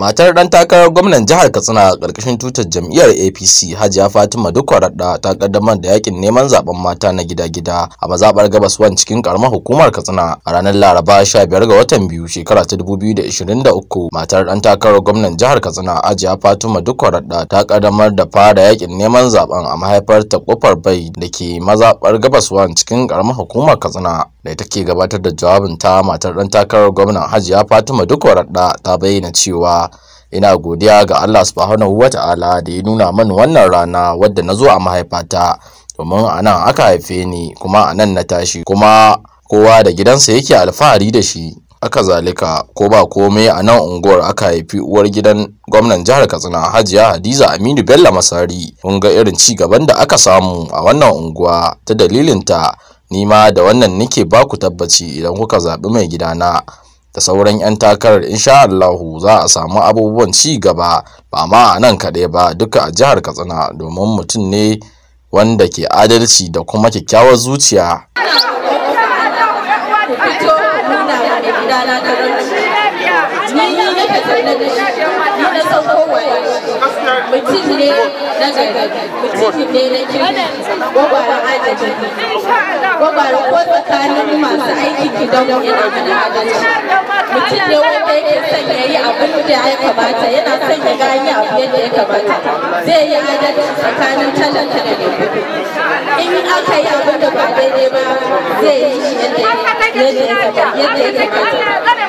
matar dan takarar gwamnan jihar katsina a ƙarƙashin tutar jam'iyyar apc hajiya fatima duk raɗa ta ƙaddamar da yakin neman zaben mata na gida-gida a mazaɓar gabas wan cikin karamar hukumar katsina a ranar laraba 15 ga watan biyu shekara ta 2023 matar dan takarar gwamnan jihar katsina hajiya fatima duk raɗa ta kaddamar da fara yakin neman zaben a mahaifar ta kofar bai da ke mazaɓar gabas wan cikin karamar hukumar katsina da take gabatar da jawabin ta matar ɗan takarar gwamnan hajiya fatima duk waradda ta bayyana cewa ina godiya ga allah subhanahu wata'ala da ya nuna mani wannan rana wadda na zo a mahaifata domin a nan aka haife ni kuma a nan na tashi kuma kowa da gidansa yake alfahari da shi aka zalika ko ba komai a nan unguwar aka haifi uwar gidan gwamnan jihar katsina hajiya hadiza aminu bello masari kun ga irin ci gaban da aka samu a wannan unguwa ta dalilinta ni ma da wannan nake baku tabbaci idan kuka zaɓi mai gidana da sauran 'yan takarar insha Allahu za a samu abubuwan ci gaba ba ma a nan kaɗai ba duka a jihar Katsina domin mutum ne wanda ke adalci da kuma kyakkyawar zuciya. ni na kasar da shi ni na san kowaye mutum ne na gari mutum ne na kirki gwagwara ajabi gwagwara ko tsakanin masu aiki gidan yana mana adalci mutum ne wanda yake son ya yi abin da ya kamata yana son ya gani abu yadda ya kamata zai yi adalci tsakanin talaka da mai in aka yi abin da ba daidai ba zai yi shi yadda ya kamata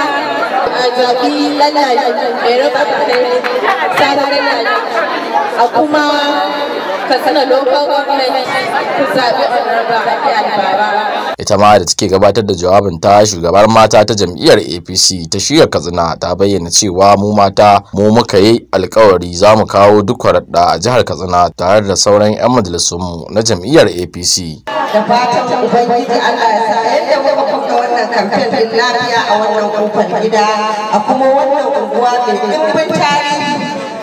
ita ma da take gabatar da jawabin ta shugabar mata ta jam'iyyar apc ta shirya katsina ta bayyana cewa mu mata mu muka yi alkawari za mu kawo duk a jihar katsina tare da sauran 'yan majalisunmu na jam'iyyar apc da fatan ubangiji Allah ya sa yadda muka kuka wannan kamfen din lafiya a wannan kofar gida a kuma wannan unguwa mai dimbin tarihi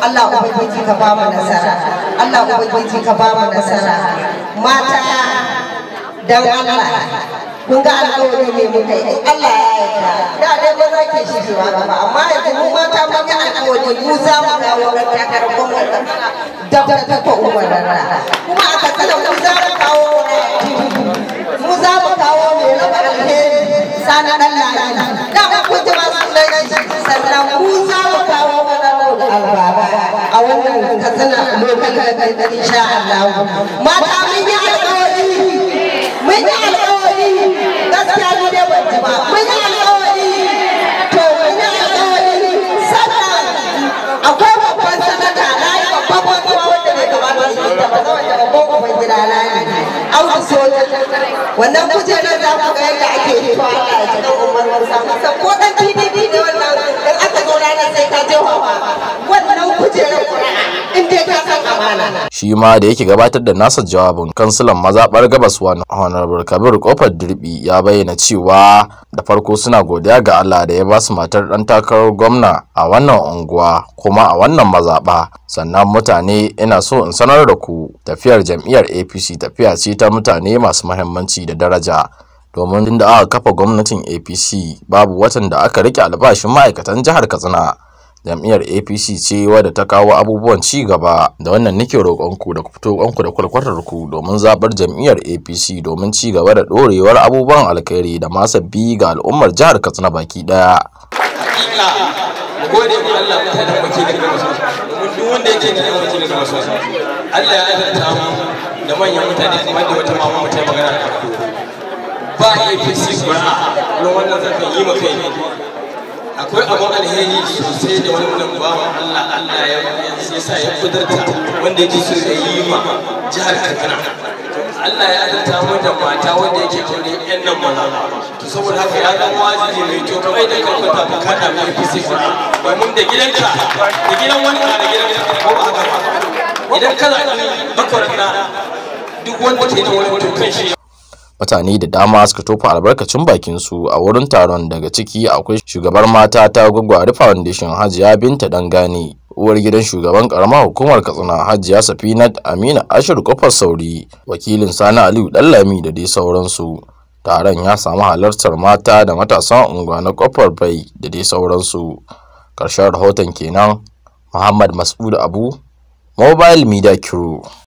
Allah ubangiji ka ba mu nasara Allah ubangiji ka ba mu nasara mata dan Allah kun ga alƙawari ne muka yi Allah ya yarda da dai ba za ke shigewa ba. amma yanzu mu mata mun yi alƙawari mu za mu dawo ran takarar gwamnati da ta ta umarna kuma aka tsara mu za mu sana dan lalala dan kuji masu lani sannan ku za mu kawo mana a wannan katsina lokal kaɗan insha Allah mata mun yi alƙawari mun yi alƙawari gaskiya ne dai ban ba mun yi alƙawari to mun yi alƙawari sannan akwai babban sanata na yi babban babban wanda bai kamata su yi ta ba zama da babban babban gida na sojoji wannan kujerar za ku ga yadda ake yi shi ma da yake gabatar da nasa jawabin kansilan mazaɓar gabas wani honorable kabir kofar dirbi ya bayyana cewa da farko suna godiya ga allah da ya ba su matar dan takarar gwamna a wannan unguwa kuma a wannan mazaɓa sannan mutane ina so in sanar da ku tafiyar jam'iyyar apc tafiya ce ta mutane masu mahimmanci da daraja domin da aka kafa gwamnatin apc babu watan da aka rike albashin ma'aikatan jihar katsina jam'iyyar apc ce wadda ta kawo abubuwan ci gaba da wannan nake roƙonku da ku fito ƙonku da kwalkwatar ku domin zaɓar jam'iyyar apc domin ci gaba da ɗorewar abubuwan alkhairi da masa bi ga al'ummar jihar katsina baki ɗaya. hakika mu gode ma Allah mu tada da manyan mutane kamar da wata mama mutai magana da ku ba apc ba don wannan zaka yi maka ne akwai abin alheri sosai da wannan bawan Allah Allah ya ya sa ya kudurta wanda yake so ya yi ma jihar Kaduna. Allah ya adalta wanda mata wanda yake kore yan nan maza to saboda haka ya zama wajibi mai to kai da karkata bukata mai fisi ba mun da gidanka da gidan wani da gidan ka ko ba haka ba idan ka zaɓi bakwarin duk wanda ke da wani mutum kan shi mutane da dama suka tofa albarkacin bakin su a wurin taron daga ciki akwai shugabar mata ta gwagwari foundation hajiya binta dangane uwar gidan shugaban karamar hukumar katsina hajiya safinat amina ashir kofar sauri wakilin sani aliyu dallami da dai sauransu taron ya samu halartar mata da matasan unguwa na kofar bai da dai sauransu ƙarshen rahoton kenan muhammad mas'ud abu mobile media crew